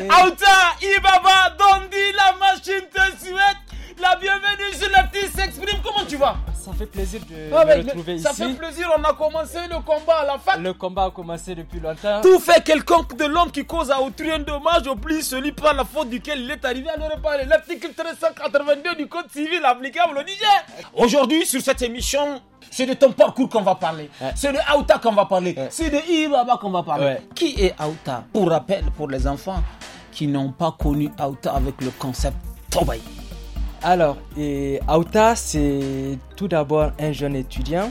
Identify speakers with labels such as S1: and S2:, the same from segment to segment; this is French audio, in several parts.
S1: Aouta, Ibaba, Dondi, la machine te souhaite la bienvenue sur la petite s'exprime. Comment tu vas Ça fait plaisir de te ah, retrouver ici. Ça fait plaisir, on a commencé le combat à la
S2: fac. Le combat a commencé depuis longtemps. Tout fait
S1: quelconque de l'homme qui cause à autrui un dommage oublie celui par la faute duquel il est arrivé à le reparler L'article 382 du Code civil applicable au Niger. Aujourd'hui, sur cette émission, c'est de ton parcours qu'on va parler. C'est de Auta qu'on va parler. C'est de Ibaba qu'on va parler. Qui est Aouta Pour rappel, pour les enfants,
S2: qui n'ont pas connu Auta avec le concept Tobay alors, et c'est tout d'abord un jeune étudiant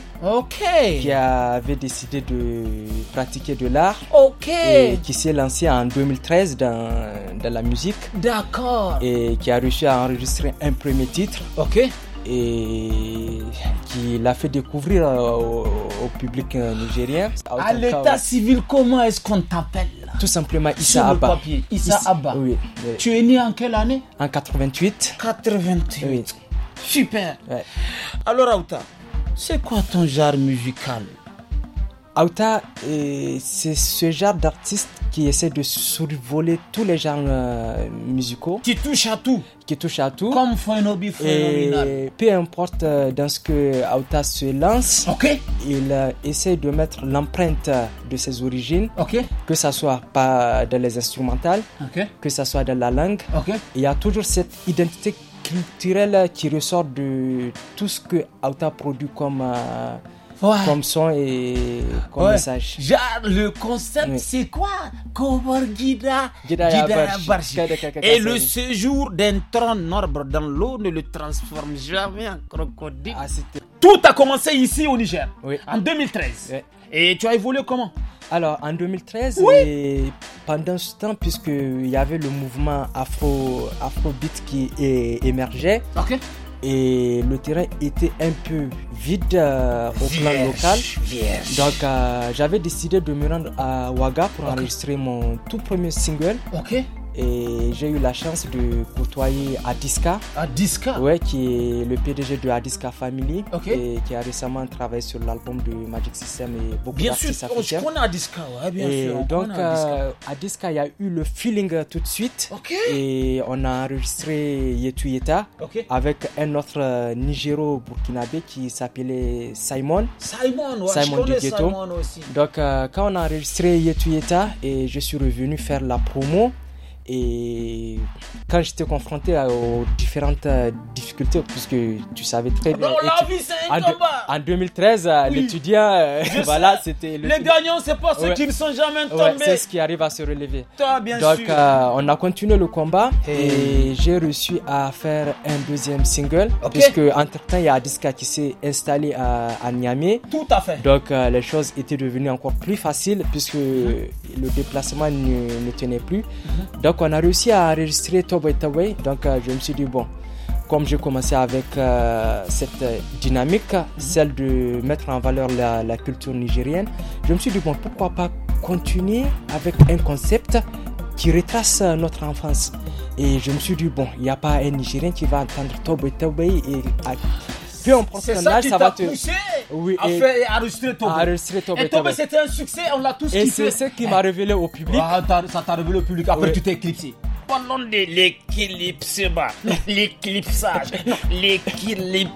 S2: qui avait décidé de pratiquer de l'art et qui s'est lancé en 2013 dans, la musique. D'accord. Et qui a réussi à enregistrer un premier titre. Ok. Et qui l'a fait découvrir euh, au, au public euh, nigérien. À l'état
S1: civil, comment est-ce qu'on t'appelle
S2: tout simplement Issa Abba. Oui, Tu es né en quelle année En 88. 88. Super. Alors Aouta, c'est quoi ton genre musical Auta, c'est ce genre d'artiste qui essaie de survoler tous les genres euh, musicaux. Qui touche à tout. Qui touche à tout. Comme Foynobi, Et peu importe euh, dans ce que Auta se lance, Ok. il euh, essaie de mettre l'empreinte de ses origines, Ok. que ce soit pas dans les instrumentales, que ce soit dans la langue. Il y a toujours cette identité culturelle qui ressort de tout ce que Auta produit comme comme son et comme message. Genre, le concept, c'est quoi Cover Gida, Gida, Et le
S1: séjour d'un tronc d'arbre dans l'eau ne le transforme jamais en crocodile. Ah,
S2: Tout a commencé ici au Niger, oui. en 2013. Et tu as évolué comment alors en 2013, et pendant ce temps, puisqu'il y avait le mouvement Afro, Afrobeat qui émergeait, Ok et le terrain était un peu vide euh, au plan local. Donc euh, j'avais décidé de me rendre à Ouaga pour enregistrer mon tout premier single et j'ai eu la chance de côtoyer Adiska. Adiska Ouais, qui est le PDG de Adiska Family et qui a récemment travaillé sur l'album de Magic System et beaucoup d'artistes Bien sûr, on Adiska, ouais, bien sûr. Donc, euh, Adiska, il y a eu le feeling euh, tout de suite et on a enregistré Yetu Yeta avec un autre euh, Nigéro-Burkinabé qui s'appelait Simon.
S1: Simon, ouais, Simon je du ghetto.
S2: Donc, quand on a enregistré Yetu Yeta et je suis revenu faire la promo, et quand j'étais confronté aux différentes euh, difficultés, puisque tu savais très ah bien. Non, la vie, c'est un en, combat. en 2013, euh, l'étudiant, euh, voilà, c'était. Le les
S1: gagnants c'est pas ceux qui ne sont jamais tombés. c'est ce
S2: qui arrive à se relever.
S1: Toi, bien Donc, sûr.
S2: on a continué le combat et j'ai réussi à faire un deuxième single. Puisque, entre-temps, il y a Adiska qui s'est installé à, Niamey. Tout à fait. Donc, les choses étaient devenues encore plus faciles, puisque. Mhm le déplacement ne, tenait plus.
S1: Mhm.
S2: Donc on a réussi à enregistrer Tobay Donc euh, je me suis dit, bon, comme j'ai commencé avec euh, cette dynamique, mhm. celle de mettre en valeur la, culture nigérienne, je me suis dit, bon, pourquoi pas continuer avec un concept qui retrace euh, notre enfance. Et je me suis dit, bon, il n'y a pas un Nigérien qui va entendre Tobay et c'est en ça âge, ça va te. Oui, à, faire, à enregistrer Tobé. réussir Tobé. Et Tobé, c'était
S1: un succès, on l'a tous Et c'est ce qui m'a révélé au public. Ah, ça t'a révélé au public, après tu t'es éclipsé parlons de l'équilibrement, l'éclipsage, l'équilibre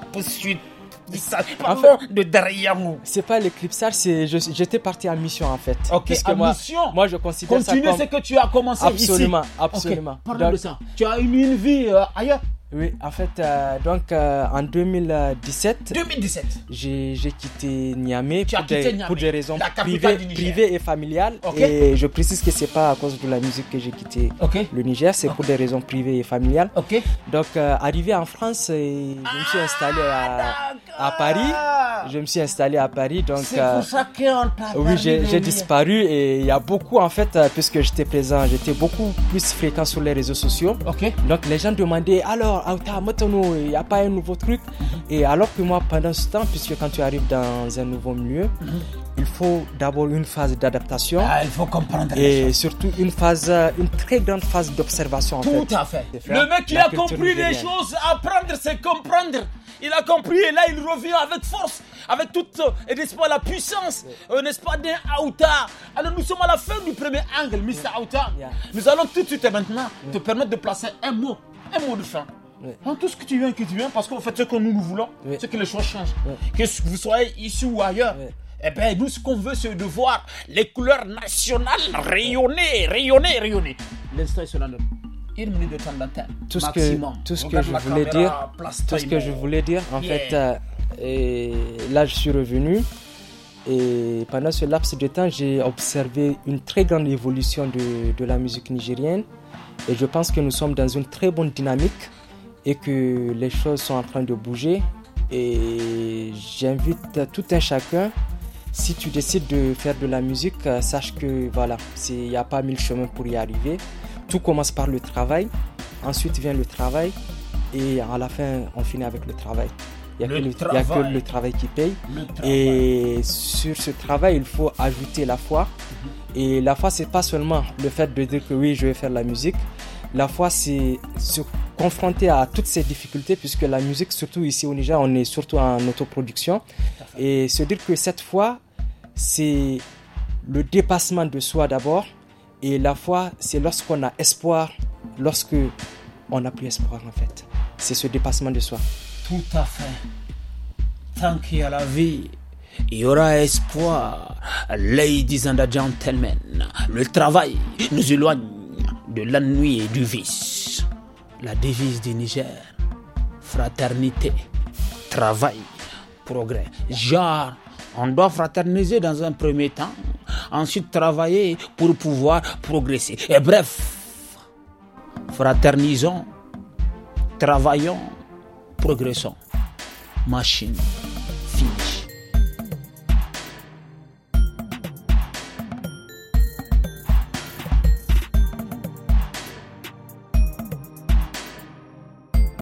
S1: Parlons en
S2: fait, de Dariyamou. C'est pas l'éclipsage, c'est j'étais parti en mission en fait. Ok, en moi, mission.
S1: Moi je considère ça comme... ce que tu as commencé ici. Absolument, absolument. parle de ça.
S2: Tu as eu une vie euh, ailleurs oui, en fait, euh, donc euh, en 2017, 2017. j'ai quitté Niamey pour, des raisons privées, et familiales. Et je précise que c'est pas à cause de la musique que j'ai quitté le Niger, c'est pour des raisons privées et familiales. Donc, euh, arrivé en France, et je me suis installé à Paris. Ah, je me suis installé à Paris. Donc, pour euh, ça oui, j'ai disparu et il y a beaucoup en fait, euh, puisque j'étais présent, j'étais beaucoup plus fréquent sur les réseaux sociaux. Donc les gens demandaient alors, Aouta, maintenant, il n'y a pas un nouveau truc. Et alors que moi, pendant ce temps, puisque quand tu arrives dans un nouveau milieu, mhm. il faut d'abord une phase d'adaptation. Ah, il faut comprendre. Et surtout une phase, euh, une très grande phase d'observation. Tout fait. à fait. Le mec, qui a compris les
S1: choses. Apprendre, c'est comprendre. Il a compris et là, il revient avec force avec toute, euh, nest la puissance, euh, n'est-ce pas, d'un Aouta. Alors nous sommes à la fin du premier angle, Mr. Aouta. Nous allons tout de suite maintenant te permettre de placer un mot, un mot de fin. Hein, tout ce que tu viens, que tu viens, parce qu'en fait, ce que nous, nous voulons, ce c'est que les choses changent. Que vous soyez ici ou ailleurs. Eh bien, nous, ce qu'on veut, c'est de voir les couleurs nationales rayonner, rayonner, rayonner. L'instant est sur la note. Une minute de temps d'antenne. Tout ce que, tout ce que je voulais dire, tout ce que je voulais dire, en fait,
S2: et là, je suis revenu. Et pendant ce laps de temps, j'ai observé une très grande évolution de, la musique nigérienne. Et je pense que nous sommes dans une très bonne dynamique et que les choses sont en train de bouger. Et j'invite tout un chacun, si tu décides de faire de la musique, euh, sache que voilà, il n'y a pas mille chemins pour y arriver. Tout commence par le travail, ensuite vient le travail et à la fin, on finit avec le travail. Il n'y a, que le travail qui paye. Et sur ce travail, il faut ajouter la foi. Mhm. Et la foi, c'est pas seulement le fait de dire que oui, je vais faire la musique. La foi, c'est se confronter à toutes ces difficultés, puisque la musique, surtout ici au Niger, on est surtout en autoproduction. Et se dire que cette foi, c'est le dépassement de soi d'abord. Et la foi, c'est lorsqu'on a espoir, lorsque on n'a plus espoir en fait. C'est ce dépassement de soi. Tout à fait. Tant qu'il y a la vie, il y aura espoir.
S1: Ladies and gentlemen, le travail nous éloigne de l'ennui et du vice. La devise du Niger, fraternité, travail, progrès. Genre, on doit fraterniser dans un premier temps, ensuite travailler pour pouvoir progresser. Et bref, fraternisons, travaillons progressons. Machine.